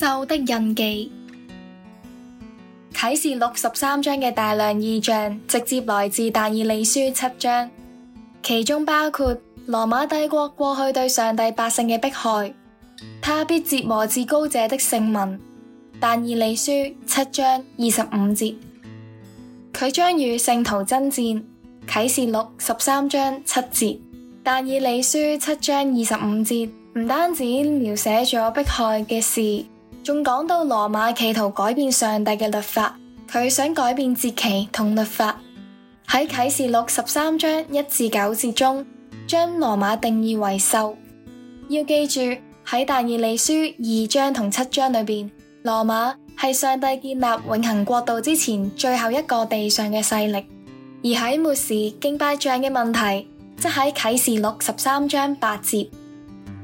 獸的印記，啟示錄十三章嘅大量意象直接來自但以理書七章，其中包括羅馬帝國過去對上帝百姓嘅迫害，他必折磨至高者的聖民。但以理書七章二十五節。佢將與聖徒爭戰，啟示錄十三章七節，但以理書七章二十五節唔單止描寫咗迫害嘅事。仲講到羅馬企圖改變上帝嘅律法，佢想改變節期同律法。喺啟示錄十三章一至九節中，將羅馬定義為獸。要記住喺但以理書二章同七章裏邊，羅馬係上帝建立永恆國度之前最後一個地上嘅勢力。而喺末時敬拜像嘅問題，則喺啟示錄十三章八節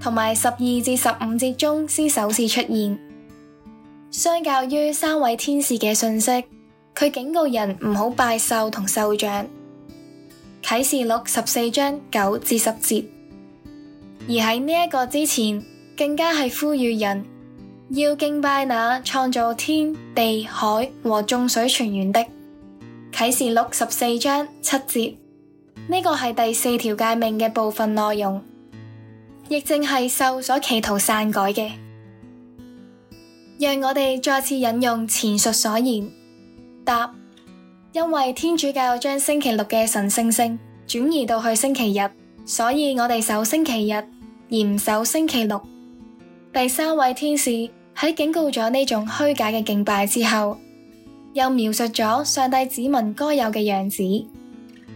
同埋十二至十五節中先首次出現。相較於三位天使嘅信息，佢警告人唔好拜獸同獸像。啟示錄十四章九至十節，而喺呢一個之前，更加係呼籲人要敬拜那創造天地海和眾水泉源的。啟示錄十四章七節，呢個係第四條誡命嘅部分內容，亦正係獸所企圖篡改嘅。讓我哋再次引用前述所言，答：因為天主教將星期六嘅神聖性轉移到去星期日，所以我哋守星期日而唔守星期六。第三位天使喺警告咗呢種虛假嘅敬拜之後，又描述咗上帝子民該有嘅樣子。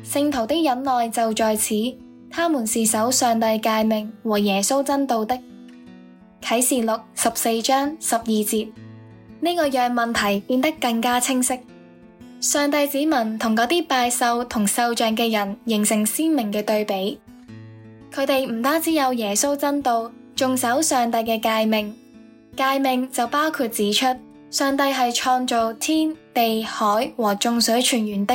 聖徒的忍耐就在此，他們是守上帝誡命和耶穌真道的。啟示錄十四章十二節呢，這個讓問題變得更加清晰。上帝子民同嗰啲拜獸同獸像嘅人形成鮮明嘅對比。佢哋唔單止有耶穌真道，仲守上帝嘅誡命。誡命就包括指出上帝係創造天地海和眾水泉源的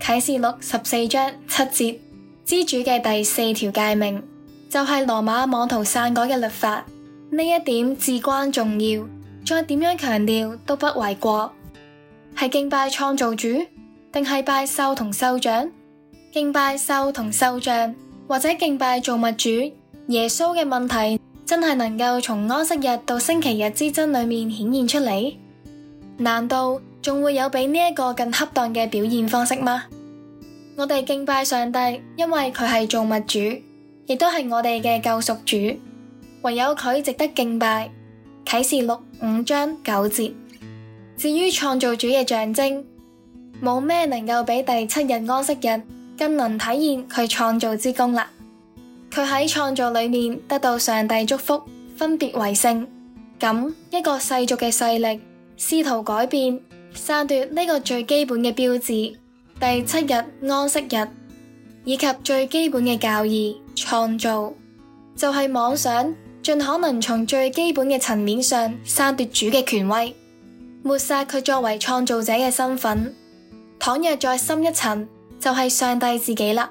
啟示錄十四章七節。之主嘅第四條誡命就係、是、羅馬網圖刪改嘅律法。呢一點至關重要，再點樣強調都不為過。係敬拜創造主，定係拜獸同獸像？敬拜獸同獸像，或者敬拜造物主耶穌嘅問題，真係能夠從安息日到星期日之爭裏面顯現出嚟？難道仲會有比呢一個更恰當嘅表現方式嗎？我哋敬拜上帝，因為佢係造物主，亦都係我哋嘅救贖主。唯有佢值得敬拜。啟示錄五章九節。至於創造主嘅象徵，冇咩能夠比第七日安息日更能體現佢創造之功啦。佢喺創造裏面得到上帝祝福，分別為聖。咁一個世俗嘅勢力試圖改變、爭奪呢個最基本嘅標誌——第七日安息日，以及最基本嘅教義——創造，就係妄想。盡可能從最基本嘅層面上刪奪主嘅權威，抹殺佢作為創造者嘅身份。倘若再深一層，就係上帝自己啦。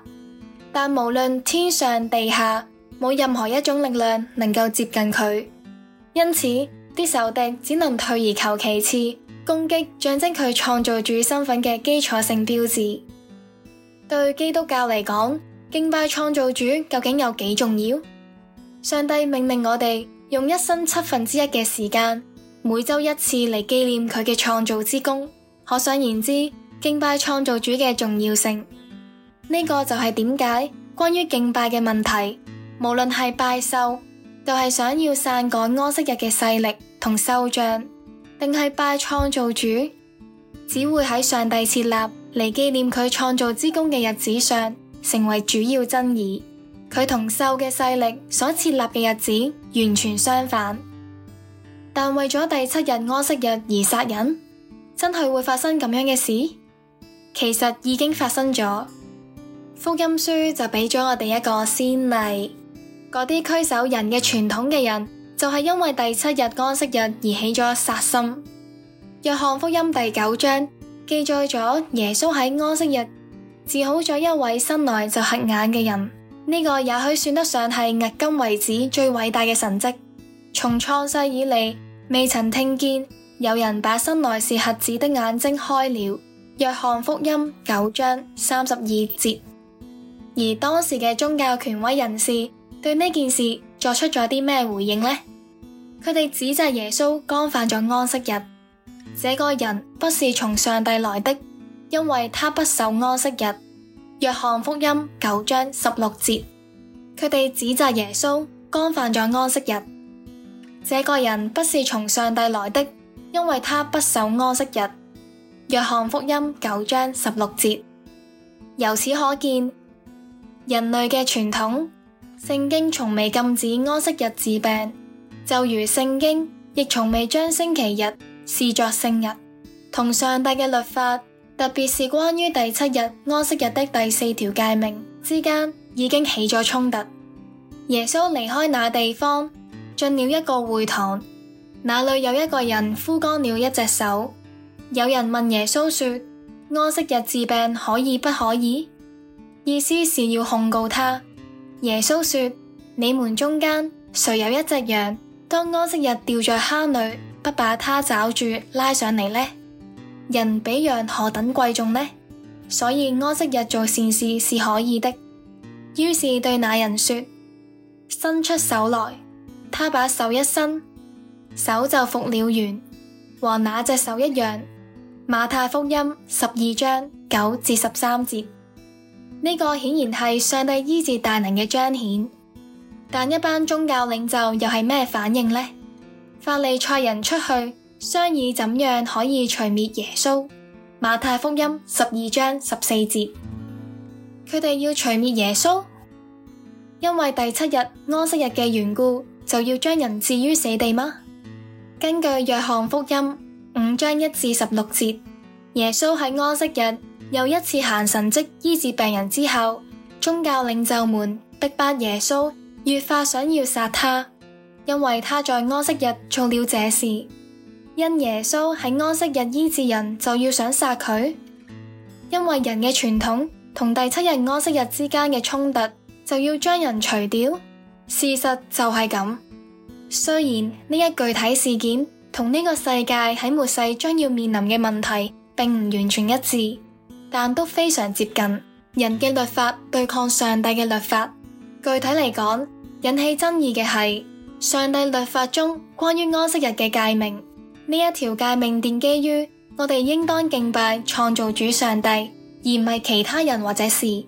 但無論天上地下，冇任何一種力量能夠接近佢，因此啲仇敵只能退而求其次，攻擊象徵佢創造主身份嘅基礎性標誌。對基督教嚟講，敬拜創造主究竟有幾重要？上帝命令我哋用一生七分之一嘅時間，每周一次嚟紀念佢嘅創造之功。可想而知敬拜創造主嘅重要性。呢、這個就係點解關於敬拜嘅問題，無論係拜獸，就係想要篡改安息日嘅勢力同獸像，定係拜創造主，只會喺上帝設立嚟紀念佢創造之功嘅日子上，成為主要爭議。佢同獸嘅勢力所設立嘅日子完全相反，但為咗第七日安息日而殺人，真係會發生咁樣嘅事？其實已經發生咗。福音書就俾咗我哋一個先例，嗰啲拘守人嘅傳統嘅人就係、是，因為第七日安息日而起咗殺心。約翰福音第九章記載咗耶穌喺安息日治好咗一位生嚟就瞎眼嘅人。呢個也許算得上係迄今為止最偉大嘅神蹟。從創世以嚟，未曾聽見有人把生來是瞎子的眼睛開了。約翰福音九章三十二節。而當時嘅宗教權威人士對呢件事作出咗啲咩回應呢？佢哋指責耶穌干犯咗安息日。這個人不是從上帝來的，因為他不受安息日，約翰福音九章十六節，佢哋指責耶穌干犯咗安息日。這個人不是從上帝來的，因為他不守安息日。約翰福音九章十六節。由此可見，人類嘅傳統，聖經從未禁止安息日治病，就如聖經亦從未將星期日視作聖日，同上帝嘅律法特別是關於第七日安息日的第四條誡命之間已經起咗衝突。耶穌離開那地方，進了一個會堂，那裏有一個人枯乾了一隻手。有人問耶穌說：安息日治病可以不可以？意思是要控告他。耶穌說：你們中間誰有一隻羊，當安息日掉在坑裏，不把他抓住拉上嚟呢？人比羊何等貴重呢？所以安息日做善事是可以的。於是對那人說：伸出手來。他把手一伸，手就復了原，和那隻手一樣。馬太福音十二章九至十三節，呢個顯然係上帝醫治大能嘅彰顯。但一班宗教領袖又係咩反應呢？法利賽人出去。商議怎樣可以除滅耶穌。馬太福音十二章十四節，佢哋要除滅耶穌，因為第七日安息日嘅緣故，就要將人置於死地嗎？根據約翰福音五章一至十六節，耶穌喺安息日又一次行神跡醫治病人之後，宗教領袖們逼迫耶穌，越發想要殺他，因為他在安息日做了這事。因耶穌喺安息日醫治人，就要想殺佢，因為人嘅傳統同第七日安息日之間嘅衝突，就要將人除掉。事實就係咁。雖然呢一、這個、具體事件同呢個世界喺末世將要面臨嘅問題，並唔完全一致，但都非常接近人嘅律法對抗上帝嘅律法。具體嚟講，引起爭議嘅係上帝律法中關於安息日嘅誡命。呢一條誡命奠基於我哋應當敬拜創造主上帝，而唔係其他人或者事。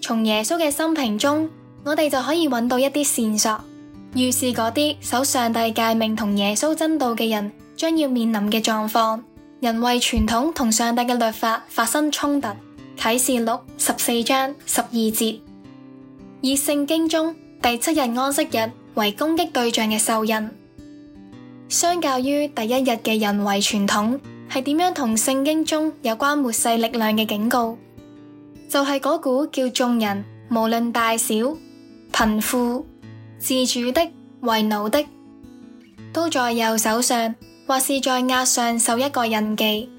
從耶穌嘅生平中，我哋就可以揾到一啲線索，預示嗰啲守上帝誡命同耶穌真道嘅人，將要面臨嘅狀況。人為傳統同上帝嘅律法發生衝突。啟示錄十四章十二節，以聖經中第七日安息日為攻擊對象嘅獸印。相較於第一日嘅人為傳統，係點樣同聖經中有關末世力量嘅警告？就係、是、嗰股叫眾人無論大小、貧富、自主的、為奴的，都在右手上或是在額上受一個印記。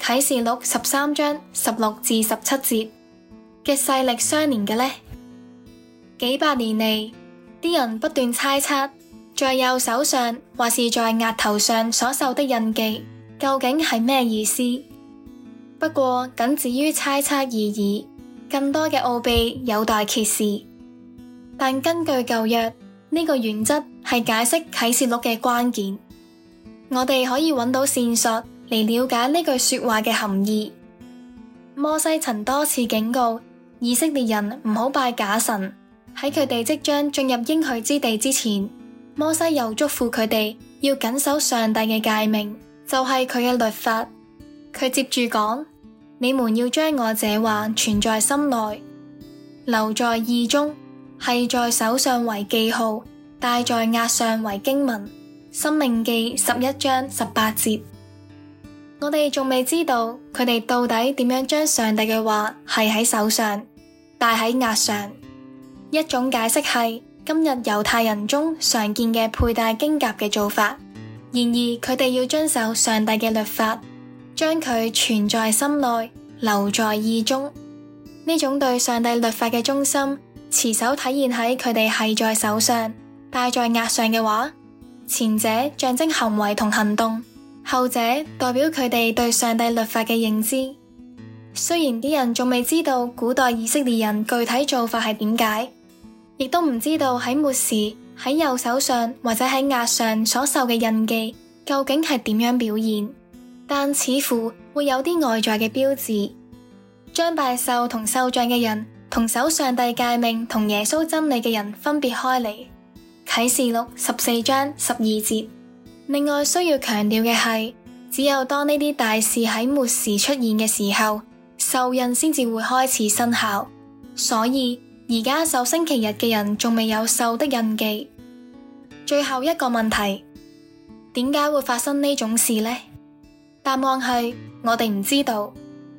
啟示錄十三章十六至十七節嘅勢力相連嘅呢。幾百年嚟，啲人不斷猜測。在右手上，或是在額頭上所受的印記，究竟係咩意思？不過僅止於猜測而已。更多嘅奧秘有待揭示，但根據舊約呢個原則係解釋啟示錄嘅關鍵。我哋可以揾到線索嚟了解呢句說話嘅含義。摩西曾多次警告以色列人唔好拜假神，喺佢哋即將進入應許之地之前。摩西又囑咐佢哋要謹守上帝嘅誡命，就係佢嘅律法。佢接住講：你們要將我這話存在心內，留在意中，繫在手上為記號，戴在額上為經文。申命記十一章十八節。我哋仲未知道佢哋到底點樣將上帝嘅話繫喺手上，戴喺額上。一種解釋係。今日猶太人中常見嘅佩戴經甲嘅做法，然而佢哋要遵守上帝嘅律法，將佢存在心內，留在意中。呢種對上帝律法嘅忠心，持守體現喺佢哋係在手上、戴在額上嘅話，前者象徵行為同行動，後者代表佢哋對上帝律法嘅認知。雖然啲人仲未知道古代以色列人具體做法係點解。亦都唔知道喺末時喺右手上或者喺額上所受嘅印記究竟係點樣表現，但似乎會有啲外在嘅標誌，將拜獸同獸像嘅人同守上帝誡命同耶穌真理嘅人分別開嚟。啟示錄十四章十二節。另外需要強調嘅係，只有當呢啲大事喺末時出現嘅時候，受印先至會開始生效。所以。而家受星期日嘅人仲未有獸的印記。最後一個問題，點解會發生呢種事呢？答案係我哋唔知道。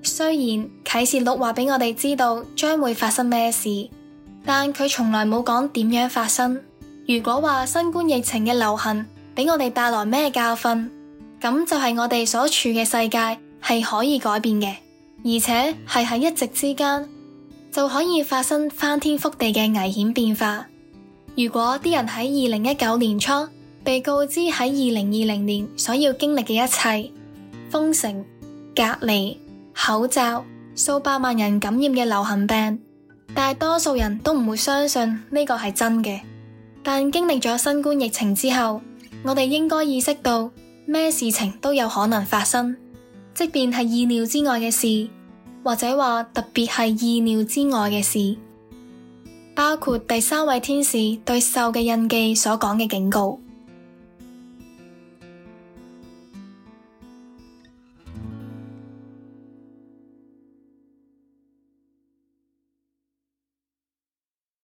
雖然啟示錄話俾我哋知道將會發生咩事，但佢從來冇講點樣發生。如果話新冠疫情嘅流行俾我哋帶來咩教訓，咁就係我哋所處嘅世界係可以改變嘅，而且係喺一夕之間。就可以發生翻天覆地嘅危險變化。如果啲人喺二零一九年初被告知喺二零二零年所要經歷嘅一切封城、隔離、口罩、數百萬人感染嘅流行病，大多數人都唔會相信呢個係真嘅。但經歷咗新冠疫情之後，我哋應該意識到咩事情都有可能發生，即便係意料之外嘅事。或者話，特別係意料之外嘅事，包括第三位天使對獸嘅印記所講嘅警告。